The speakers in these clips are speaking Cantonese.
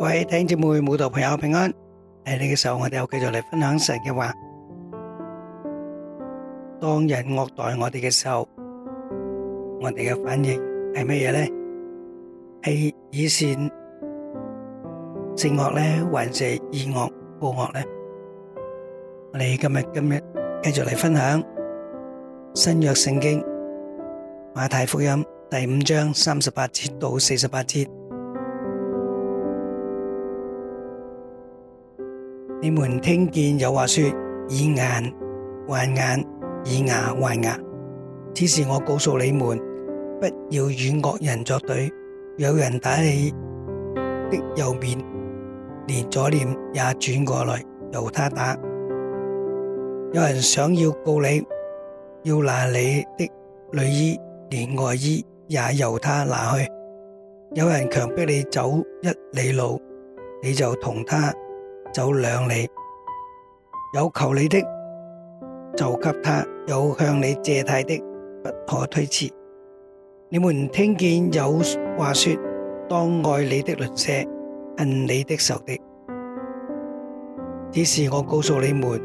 喂，弟兄姊妹、慕道朋友平安。喺呢個時候，我哋又繼續嚟分享神嘅話。當人虐待我哋嘅時候，我哋嘅反應係乜嘢呢？係以善勝惡呢，還是以惡報惡呢？我哋今日今日繼續嚟分享新約聖經馬太福音第五章三十八節到四十八節。你們聽見有話說以眼還眼，以牙還牙，只是我告訴你們，不要與惡人作對。有人打你的右面，連左臉也轉過來由他打；有人想要告你，要拿你的內衣連外衣也由他拿去；有人強逼你走一里路，你就同他就兩里，有求你的就給他，有向你借貸的不可推辭。你們聽見有話說，當愛你的鄰舍，恨你的仇敵，只是我告訴你們，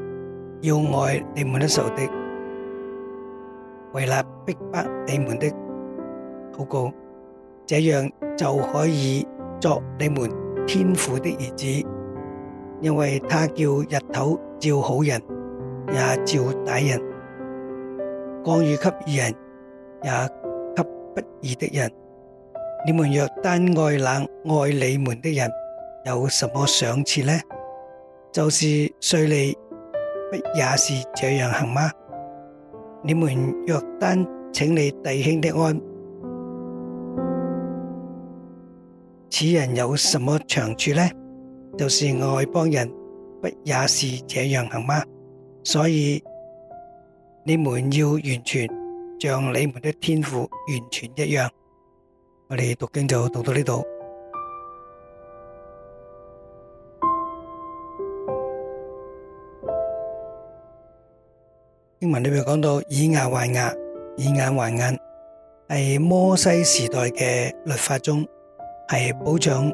要愛你們的仇敵，為了逼迫你們的禱告，這樣就可以作你們天父的兒子。因為他叫日頭照好人，也照歹人；降雨給義人，也給不義的人。你們若單愛那愛你們的人，有什麼賞賜呢？就是稅吏不也是這樣行嗎？你們若單請你弟兄的安，此人有什麼長處呢？就是外邦人，不也是這樣行嗎？所以你們要完全像你們的天父完全一樣。我哋讀經就讀到呢度。英文裏面講到以牙還牙，以眼還眼，係摩西時代嘅律法中係保障。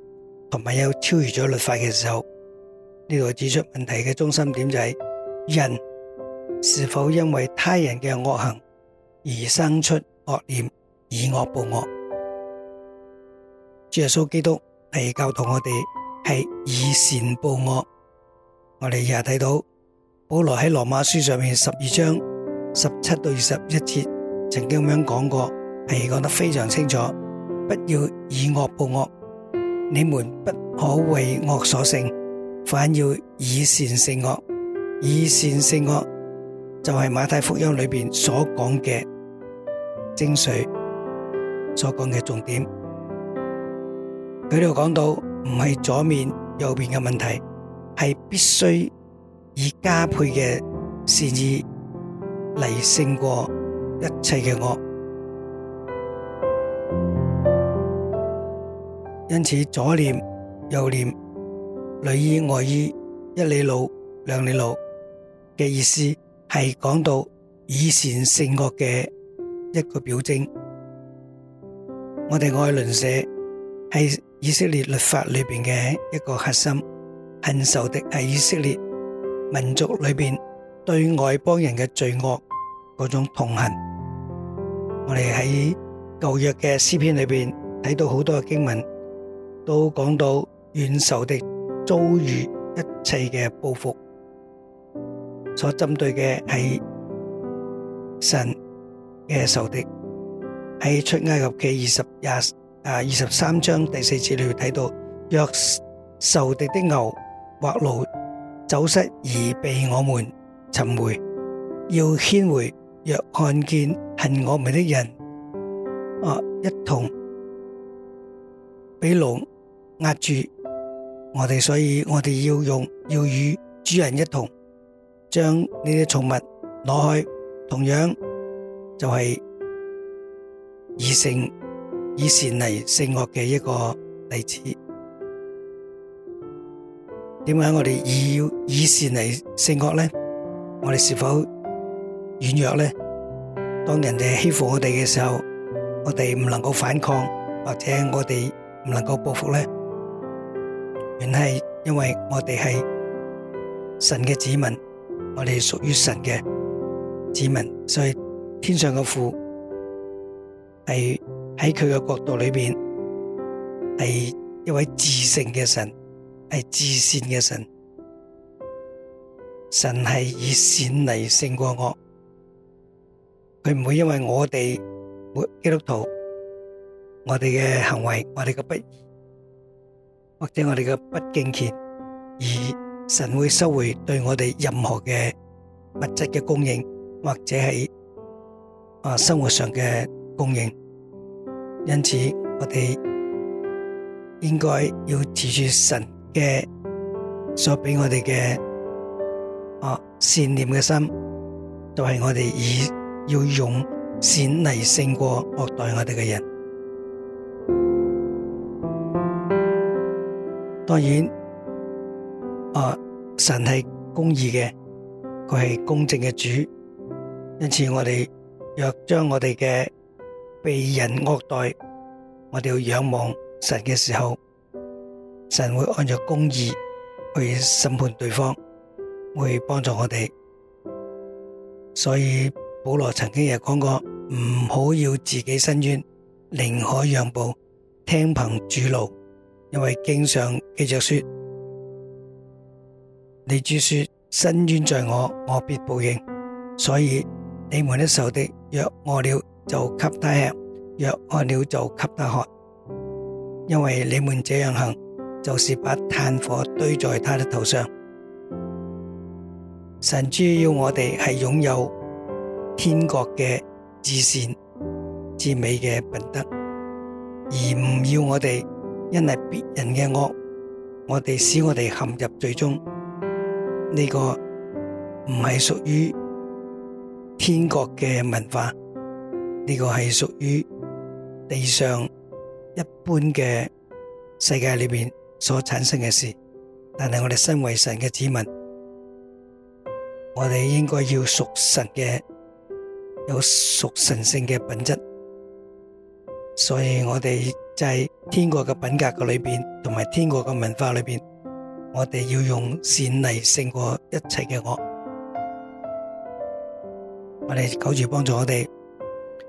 同埋有超越咗律法嘅時候，呢度指出問題嘅中心點就係人是否因為他人嘅惡行而生出惡念，以惡報惡。主耶穌基督係教導我哋係以善報惡。我哋日日睇到保羅喺羅馬書上面十二章十七到二十一節曾經咁樣講過，係講得非常清楚，不要以惡報惡。你們不可為惡所勝，反要以善勝惡。以善勝惡就係馬太福音裏面所講嘅精髓，所講嘅重點。佢哋講到唔係左面右面嘅問題，係必須以加倍嘅善意嚟勝過一切嘅惡。因此，左念右念，裡衣外衣，一里路兩里路嘅意思係講到以善勝惡嘅一個表徵。我哋愛鄰舍，係以色列律法裡邊嘅一個核心，恨仇敵係以色列民族裡邊對外邦人嘅罪惡嗰種痛恨。我哋喺舊約嘅詩篇裡邊睇到好多嘅經文。都講到遠仇敵遭遇一切嘅報復，所針對嘅係神嘅仇敵。喺出埃及二十廿，啊二十三章第四節裏睇到，若仇敵的牛或驢走失而被我們尋回，要牽回；若看見恨我們的人，啊，一同。俾龍壓住我哋，所以我哋要用要與主人一同將呢啲寵物攞去。同樣就係以性以善嚟勝惡嘅一個例子。點解我哋以以善嚟勝惡咧？我哋是否軟弱咧？當人哋欺負我哋嘅時候，我哋唔能夠反抗，或者我哋？唔能夠報復咧，原係因為我哋係神嘅子民，我哋屬於神嘅子民，所以天上嘅父係喺佢嘅角度裏邊係一位至聖嘅神，係至善嘅神，神係以善嚟勝過惡，佢唔會因為我哋基督徒。我哋嘅行為，我哋嘅不義，或者我哋嘅不敬虔，而神會收回對我哋任何嘅物質嘅供應，或者係啊生活上嘅供應。因此，我哋應該要持住神嘅所俾我哋嘅啊善念嘅心，就係、是、我哋以要用善嚟，勝過惡待我哋嘅人。當然，啊神係公義嘅，佢係公正嘅主，因此我哋若將我哋嘅被人惡待，我哋要仰望神嘅時候，神會按照公義去審判對方，會幫助我哋。所以保羅曾經有講過：唔好要自己申冤，寧可讓步，聽憑主怒。」因為經上記着說，你主說，伸冤在我，我必報應。所以你們的仇敵，若餓了就給他吃，若渴了就給他喝。因為你們這樣行，就是把炭火堆在他的頭上。神主要我哋係擁有天國嘅至善至美嘅品德，而唔要我哋。因為別人嘅惡，我哋使我哋陷入最終呢、這個唔係屬於天國嘅文化，呢、這個係屬於地上一般嘅世界裏面所產生嘅事。但係我哋身為神嘅子民，我哋應該要屬神嘅，有屬神聖嘅品質。所以我哋就係天國嘅品格裏邊，同埋天國嘅文化裏邊，我哋要用善嚟勝過一切嘅惡。我哋求主幫助我哋，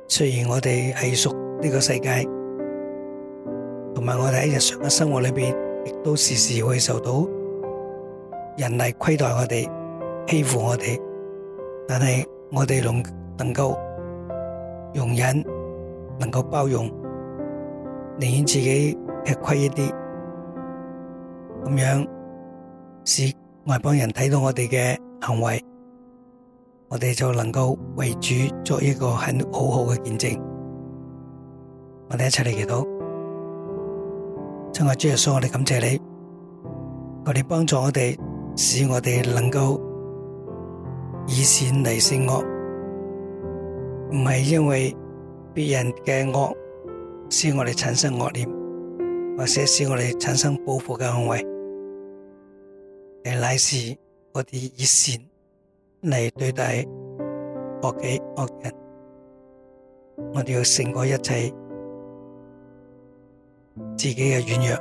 雖然我哋係屬呢個世界，同埋我哋喺日常嘅生活裏邊，亦都時時會受到人嚟虧待我哋、欺負我哋，但係我哋能能夠容忍，能夠包容。寧願自己吃虧一啲，咁樣使外邦人睇到我哋嘅行為，我哋就能夠為主作一個很，很好好嘅見證。我哋一齊嚟祈禱，親愛的主耶穌，我哋感謝你，我哋幫助我哋，使我哋能夠以善嚟勝惡，唔係因為別人嘅惡。使我哋產生惡念，或者使我哋產生報復嘅行為，誒，乃是我哋以善嚟對待惡己惡人。我哋要勝過一切自己嘅軟弱。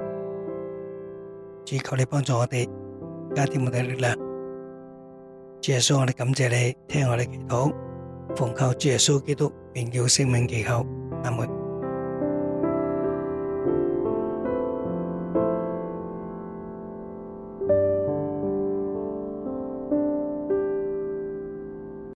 主求你幫助我哋，加添我哋嘅力量。主耶穌，我哋感謝你聽我哋祈禱，奉靠主耶穌基督，名叫聖名祈求，阿門。